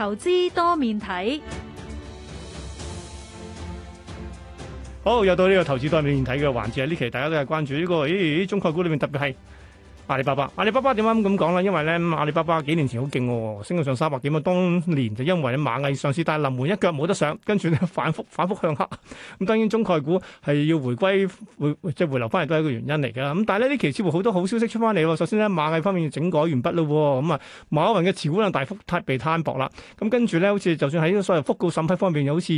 投資多面睇，好，又到呢個投資多面睇嘅環節。呢期大家都係關注呢、這個，咦、哎？中概股裏面特別係。阿里巴巴，阿里巴巴點解咁講咧？因為咧，阿里巴巴幾年前好勁喎，升到上三百幾蚊。當年就因為啲螞蟻上市，但係臨門一腳冇得上，跟住咧反覆反覆向黑。咁、嗯、當然中概股係要回歸，回即係回流翻嚟都係一個原因嚟噶。咁、嗯、但係呢呢期似乎好多好消息出翻嚟喎。首先咧，螞蟻方面要整改完畢啦。咁、嗯、啊，馬雲嘅持股量大幅被攤薄啦。咁、嗯、跟住咧，好似就算喺呢個所謂複告審批方面，又好似。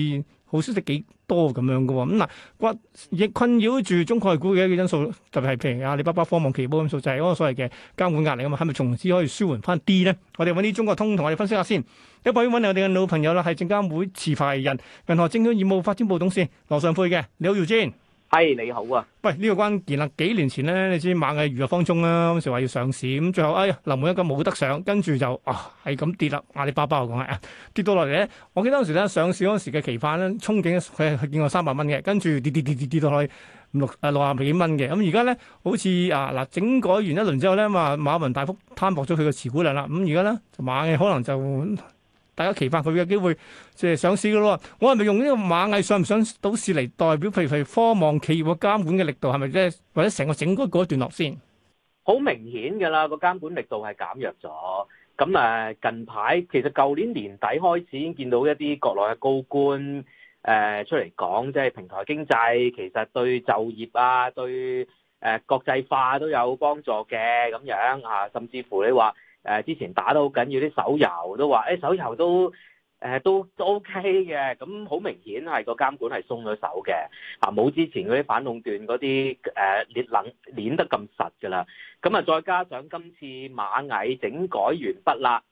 好消息幾多咁樣嘅喎？咁嗱， 困亦困擾住中概股嘅一個因素，特別係譬如阿里巴巴、科網期波因素，就係嗰個所謂嘅監管壓力啊嘛。係咪從此可以舒緩翻啲咧？我哋揾啲中國通同我哋分析下先。一位揾我哋嘅老朋友啦，係證監會持牌人、銀河證券業務發展部董事羅尚沛嘅，你好，姚堅。係你好啊。喂，呢個關鍵啦，幾年前咧，你知螞蟻娛樂方中啦，當時話要上市，咁最後哎呀臨門一個冇得上，跟住就啊係咁跌啦，阿里巴巴我講係啊跌到落嚟咧，我記得當時咧上市嗰時嘅期盼咧，憧憬佢係見過三百蚊嘅，跟住跌跌跌跌跌到去六誒六十幾蚊嘅，咁而家咧好似啊嗱整改完一輪之後咧，咁啊馬雲大幅攤薄咗佢嘅持股量啦，咁而家咧就螞蟻可能就。大家期盼佢嘅機會即係上市嘅咯，我係咪用呢個螞蟻上唔上到市嚟代表？譬如譬如科網企業嘅監管嘅力度係咪咧？或者成個整個告一段落先？好明顯㗎啦，個監管力度係減弱咗。咁誒近排其實舊年年底開始已經見到一啲國內嘅高官誒出嚟講，即係平台經濟其實對就業啊、對誒國際化都有幫助嘅咁樣啊，甚至乎你話。誒之前打得好緊要啲手遊都話，誒手遊都誒都都 OK 嘅，咁好明顯係個監管係鬆咗手嘅，啊冇之前嗰啲反壟斷嗰啲誒捏冷捏得咁實㗎啦，咁啊再加上今次螞蟻整改完畢啦，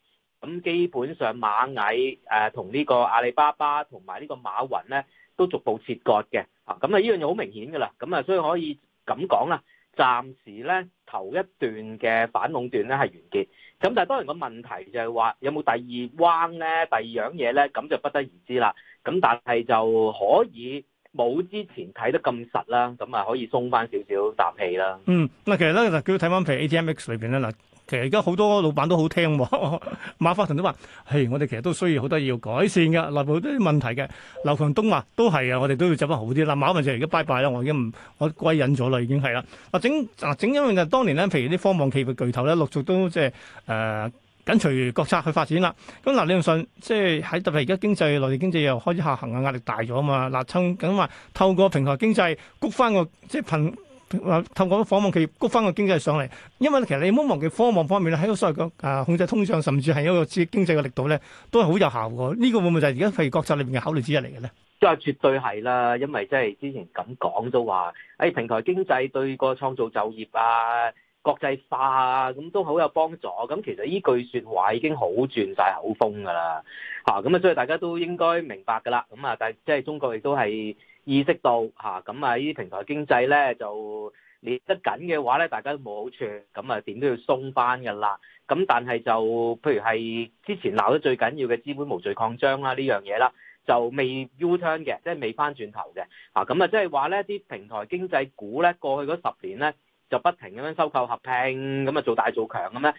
咁基本上螞蟻誒同呢個阿里巴巴同埋呢個馬雲咧都逐步切割嘅，啊咁啊呢樣嘢好明顯㗎啦，咁啊所以可以咁講啦。暫時咧頭一段嘅反壟斷咧係完結，咁但係當然個問題就係話有冇第二彎咧，第二樣嘢咧咁就不得而知啦。咁但係就可以冇之前睇得咁實啦，咁啊可以鬆翻少少啖氣啦。嗯，嗱，其實咧就叫睇翻譬如 ATMX 裏邊咧嗱。其實而家好多老闆都好聽， 馬化騰都話，嘿，我哋其實都需要好多嘢要改善嘅，內部都啲問題嘅。劉強東話都係啊，我哋都要走翻好啲啦。馬雲就而家拜拜啦，我已經唔，我歸隱咗啦，已經係啦。啊整啊整，整因為就當年咧，譬如啲科網企業巨頭咧，陸續都即係誒緊隨國策去發展啦。咁嗱，理論上，即係喺特別而家經濟內地經濟又開始下行啊，壓力大咗嘛。嗱，趁咁話透過平台經濟谷翻個即係貧。就是話透過啲科網企業谷翻個經濟上嚟，因為其實你唔好忘記科網方面咧，喺個所謂嘅啊控制通脹，甚至係一個刺激經濟嘅力度咧，都係好有效嘅。呢、這個會唔會就係而家譬如國策裏面嘅考慮之一嚟嘅咧？即係絕對係啦，因為即係之前咁講都話，喺、哎、平台經濟對個創造就業啊。國際化啊，咁都好有幫助。咁其實依句説話已經好轉晒口風㗎啦，嚇，咁啊，所以大家都應該明白㗎啦。咁啊，但即係中國亦都係意識到嚇，咁啊，依啲平台經濟咧就捏得緊嘅話咧，大家都冇好處。咁啊，點都要鬆翻㗎啦。咁但係就譬如係之前鬧得最緊要嘅資本無序擴張啦，呢樣嘢啦，就未 U turn 嘅，即係未翻轉頭嘅。啊，咁啊，即係話咧，啲平台經濟股咧，過去嗰十年咧。就不停咁樣收購合併，咁啊做大做強咁咧，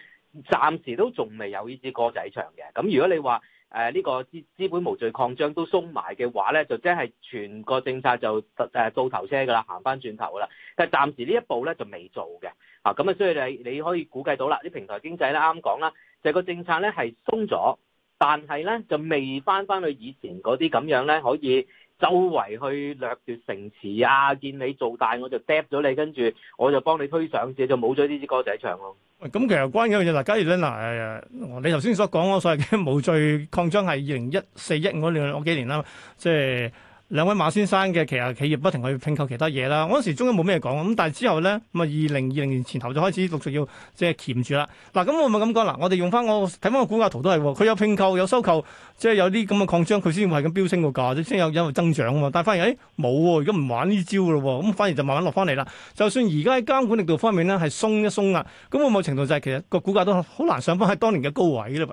暫時都仲未有呢支歌仔唱嘅。咁如果你話誒呢個資資本無序擴張都鬆埋嘅話咧，就即係全個政策就誒倒頭車㗎啦，行翻轉頭㗎啦。但係暫時呢一步咧就未做嘅。啊，咁啊，所以你你可以估計到啦，啲平台經濟咧啱講啦，就係個政策咧係鬆咗，但係咧就未翻翻去以前嗰啲咁樣咧可以。周圍去掠奪城池啊！見你做大，我就 drop 咗你，跟住我就幫你推上市，就冇咗呢支歌仔唱咯。咁其實關鍵嘅嘢嗱，假如咧嗱，你頭先所講嗰所謂嘅無序擴張係二零一四一五年嗰幾年啦，即係。兩位馬先生嘅其實企業不停去併購其他嘢啦，嗰陣時中央冇咩講，咁但係之後咧，咁啊二零二零年前頭就開始陸續要即係鉗住啦。嗱，咁我唔會咁講，嗱，我哋用翻我睇翻個股價圖都係，佢有併購有收購，即係有啲咁嘅擴張，佢先會係咁飆升個價，先有因為增長啊嘛。但係反而誒冇喎，而家唔玩呢招咯喎，咁反而就慢慢落翻嚟啦。就算而家喺監管力度方面咧係鬆一鬆啊，咁會唔會程度就係其實個股價都好難上翻喺當年嘅高位咧？喂，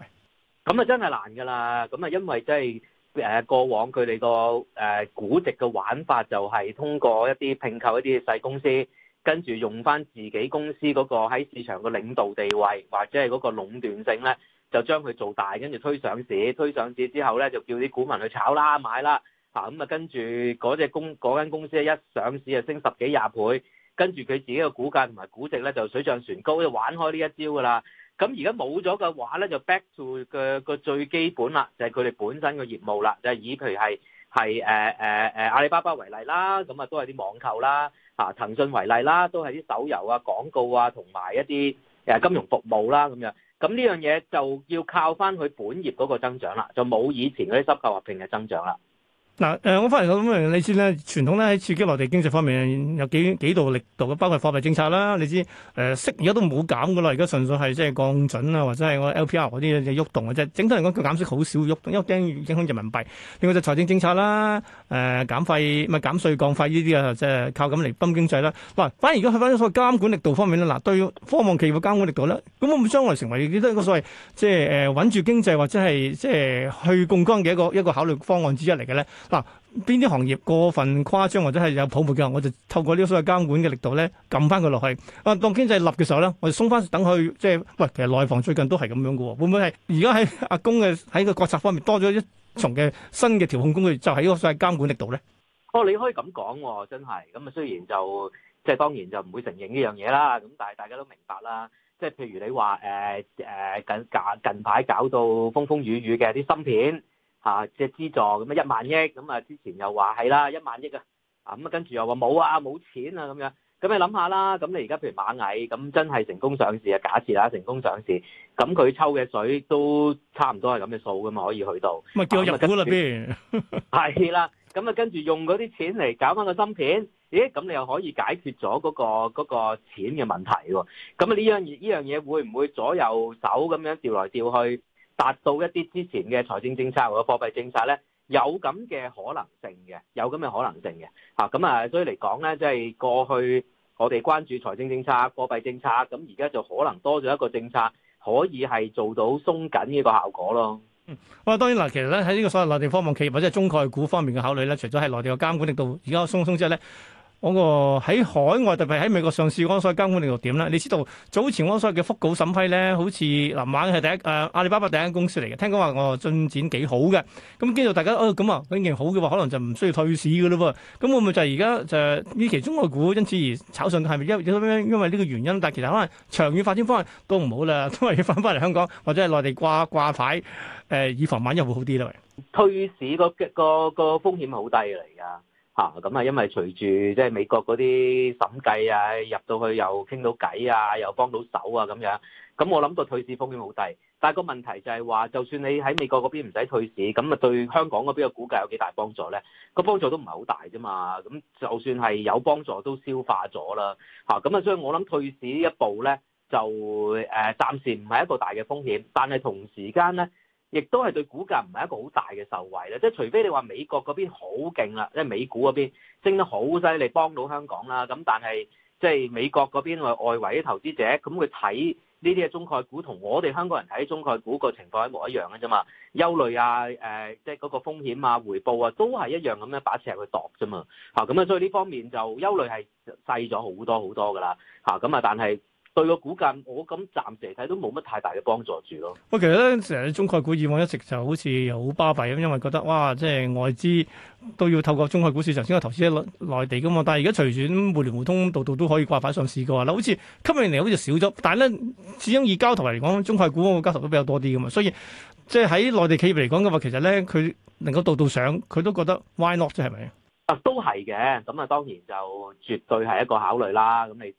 咁啊真係難噶啦，咁啊因為真係。誒過往佢哋個誒估值嘅玩法就係通過一啲併購一啲細公司，跟住用翻自己公司嗰個喺市場嘅領導地位或者係嗰個壟斷性咧，就將佢做大，跟住推上市，推上市之後咧就叫啲股民去炒啦買啦，嚇，咁啊跟住嗰隻公嗰間公司一上市啊，升十幾廿倍，跟住佢自己嘅股價同埋估值咧就水漲船高，就玩開呢一招㗎啦。咁而家冇咗嘅話咧，就 back to 嘅個最基本啦，就係佢哋本身嘅業務啦，就係、是、以譬如係係誒誒誒阿里巴巴為例啦，咁啊都係啲網購啦，嚇、啊、騰訊為例啦、啊，都係啲手遊啊、廣告啊同埋一啲誒金融服務啦咁、啊、樣，咁呢樣嘢就要靠翻佢本業嗰個增長啦，就冇以前嗰啲收購合併嘅增長啦。嗱，誒，我翻嚟講咁你知咧，傳統咧喺刺激內地經濟方面有幾幾度力度嘅，包括貨幣政策啦，你知誒、呃，息而家都冇減嘅啦，而家純粹係即係降準啊，或者係我 LPR 嗰啲嘢喐動即啫。整體嚟講，佢減息好少喐動，動，因為驚影響人民幣。另外就財政政策啦，誒、呃、減費咪、呃、減稅降費呢啲啊，即、就、係、是、靠咁嚟泵經濟啦。反而而家去翻所謂監管力度方面咧，嗱，對科網企業嘅監管力度咧，咁會唔會將來成為呢啲一個所謂即係誒穩住經濟或者係即係去槓桿嘅一個，一個，一，個一個考慮方案之一嚟嘅咧？嗱，邊啲行業過分誇張或者係有泡沫嘅，我就透過呢個所謂監管嘅力度咧，撳翻佢落去。啊，當經濟立嘅時候咧，我就鬆翻，等佢即係喂，其實內房最近都係咁樣嘅喎，會唔會係而家喺阿公嘅喺個國策方面多咗一重嘅新嘅調控工具，就係呢個所謂監管力度咧？哦，你可以咁講喎，真係咁啊。雖然就即係當然就唔會承認呢樣嘢啦，咁但係大家都明白啦。即係譬如你話誒誒近近近排搞到風風雨雨嘅啲芯片。吓，即係資助咁啊一萬億，咁啊之前又話係啦一萬億啊，啊咁啊跟住又話冇啊冇錢啊咁樣，咁你諗下啦，咁你而家譬如螞蟻咁真係成功上市啊，假設啦成功上市，咁佢抽嘅水都差唔多係咁嘅數噶嘛，可以去到咪叫我入股啦邊？係啦，咁啊跟住用嗰啲錢嚟搞翻個芯片，咦，咁你又可以解決咗嗰個嗰個錢嘅問題喎？咁啊呢樣呢樣嘢會唔會左右手咁樣調來調去？達到一啲之前嘅財政政策或者貨幣政策咧，有咁嘅可能性嘅，有咁嘅可能性嘅嚇。咁啊、嗯，所以嚟講咧，即係過去我哋關注財政政策、貨幣政策，咁而家就可能多咗一個政策，可以係做到鬆緊呢個效果咯。嗯，哇，當然嗱，其實咧喺呢個所謂內地科網企業或者係中概股方面嘅考慮咧，除咗係內地嘅監管力度而家鬆鬆之後咧。嗰個喺海外特別喺美國上市，安所謂監管力度點咧？你知道早前安所謂嘅復稿審批咧，好似嗱，猛係第一誒、啊、阿里巴巴第一間公司嚟嘅，聽講話我進展幾好嘅。咁見到大家哦咁啊，表現好嘅話，可能就唔需要退市嘅咯噃。咁會唔會就係而家就呢其中概股，因此而炒上係咪因因為呢個原因？但係其實可能長遠發展方向都唔好啦，都係要翻翻嚟香港或者係內地掛掛牌誒，以防萬一會好啲喂，退市、嗰個嘅、嗰個、嗰個風險好低嚟㗎。啊，咁啊，因為隨住即係美國嗰啲審計啊，入到去又傾到偈啊，又幫到手啊，咁樣，咁我諗個退市風險好低，但係個問題就係話，就算你喺美國嗰邊唔使退市，咁啊對香港嗰邊嘅股價有幾大幫助咧？個幫助都唔係好大啫嘛，咁就算係有幫助都消化咗啦，嚇，咁啊，所以我諗退市呢一步咧，就誒暫時唔係一個大嘅風險，但係同時間咧。亦都係對股價唔係一個好大嘅受惠咧，即係除非你話美國嗰邊好勁啦，即係美股嗰邊升得好犀利，幫到香港啦。咁但係即係美國嗰邊外外圍嘅投資者，咁佢睇呢啲嘅中概股，同我哋香港人睇中概股個情況一模一樣嘅啫嘛，憂慮啊，誒、呃，即係嗰個風險啊、回報啊，都係一樣咁樣把尺去度啫嘛。嚇，咁啊，所以呢方面就憂慮係細咗好多好多噶啦。嚇，咁啊，但係。對個股價，我咁暫時睇都冇乜太大嘅幫助住咯。喂，其實咧，成日中概股以往一直就好似又好巴閉咁，因為覺得哇，即係外資都要透過中概股市場先去投資喺內地嘅嘛。但係而家隨住互聯互通度度都可以掛牌上市嘅話，嗱，好似吸引嚟好似少咗。但係咧，始終以交投嚟講，中概股交投都比較多啲嘅嘛。所以即係喺內地企業嚟講嘅話，其實咧佢能夠度度上，佢都覺得 why not 啫，係咪啊？都係嘅，咁啊，當然就絕對係一個考慮啦。咁你。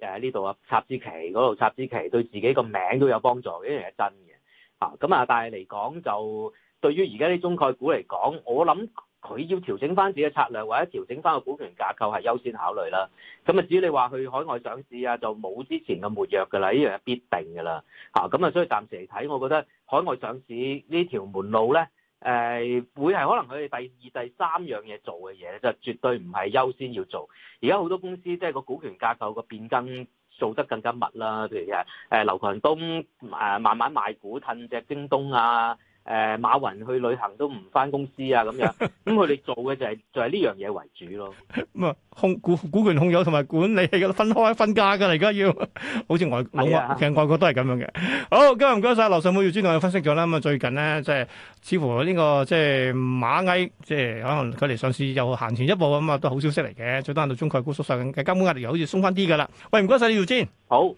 誒呢度啊，插支旗，嗰度插支旗，對自己個名都有幫助，呢樣係真嘅嚇。咁啊，但係嚟講就對於而家啲中概股嚟講，我諗佢要調整翻自己嘅策略，或者調整翻個股權架構係優先考慮啦。咁、嗯、啊，至於你話去海外上市啊，就冇之前嘅活躍㗎啦，呢樣係必定㗎啦嚇。咁啊、嗯，所以暫時嚟睇，我覺得海外上市呢條門路咧。誒、呃、會係可能佢哋第二、第三樣嘢做嘅嘢，就絕對唔係優先要做。而家好多公司即係、就是、個股權架構個變更做得更加密啦。譬如誒，誒、呃、劉強東誒、呃、慢慢賣股褪隻京東啊。誒，馬雲去旅行都唔翻公司啊，咁樣咁佢哋做嘅就係、是、就係、是、呢樣嘢為主咯。咁啊， 控股股權控有，同埋管理係咁分開分家噶啦，而家要好似外、啊、外其實外國都係咁樣嘅。好，今日唔該晒羅尚沛、姚主任嘅分析咗啦。咁啊，最近咧即係似乎呢、這個即係螞蟻，即係可能佢哋上市又行前一步咁啊，都好消息嚟嘅。最多要到中概股縮細，其實監管壓力又好似鬆翻啲噶啦。喂，唔該晒你主任。好。